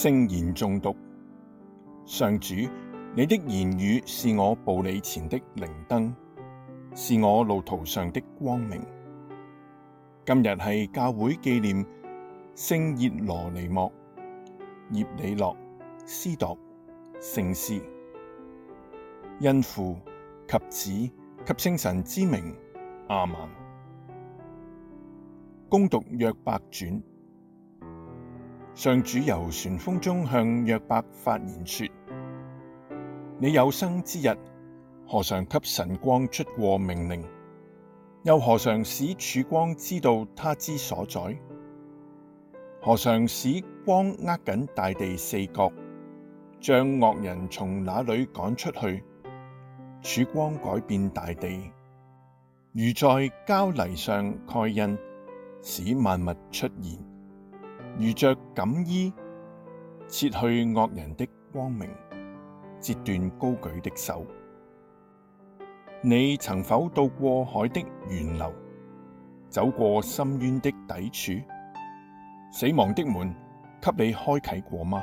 聖言誦讀。上主，你的言語是我步履前的靈燈，是我路途上的光明。今日係教會紀念聖熱羅尼莫、葉理諾、司鐸聖師。因父及子及聖神之名。阿門。恭讀約伯傳。上主由旋風中向約伯發言說：你有生之日，何嘗給晨光出過命令？又何嘗使曙光知道它之所在？何嘗使光握緊大地四角，將惡人從那裏趕出去？曙光改變大地，如在膠泥上蓋印，使萬物出現。如着錦衣，撤去惡人的光明，折斷高舉的手。你曾否到過海的源流？走過深淵的底處？死亡的門給你開啟過嗎？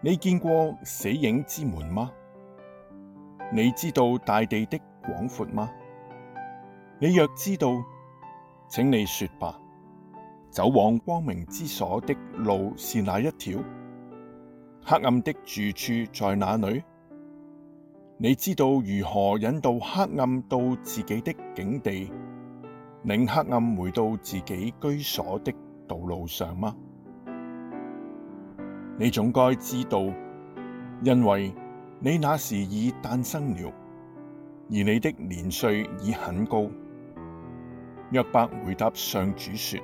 你見過死影之門嗎？你知道大地的廣闊嗎？你若知道，請你說吧。走往光明之所的路是哪一條？黑暗的住處在哪裏？你知道如何引導黑暗到自己的境地，領黑暗回到自己居所的道路上嗎？你總該知道，因為你那時已誕生了，而你的年歲已很高。約伯回答上主說。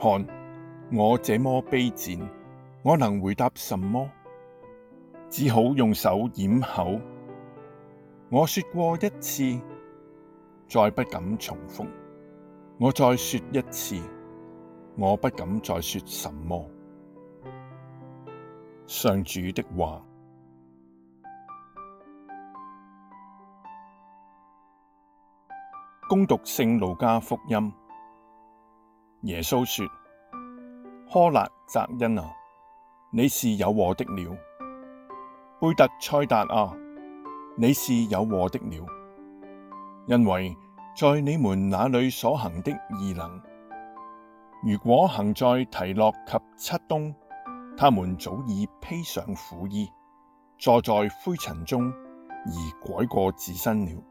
看我這麼卑賤，我能回答什麼？只好用手掩口。我說過一次，再不敢重複。我再說一次，我不敢再說什麼。上主的話。恭讀聖路加福音。耶穌說：苛辣匝因啊，你是有禍的了；貝特賽達啊，你是有禍的了，因為在你們那裏所行的異能，如果行在提洛及漆冬，他們早已披上苦衣，坐在灰塵中而改過自新了。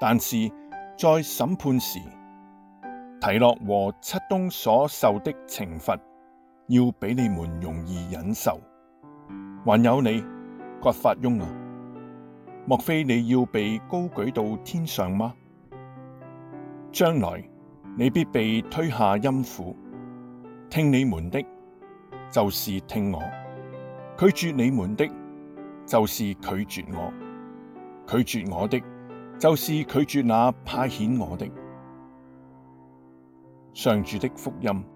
但是，在審判時，提洛和漆冬所受的懲罰，要比你們容易忍受。還有你，葛法翁啊，莫非你要被高舉到天上嗎？將來你必被推下陰府。聽你們的，就是聽我；拒絕你們的，就是拒絕我；拒絕我的，就是拒絕那派遣我的。上主的福音。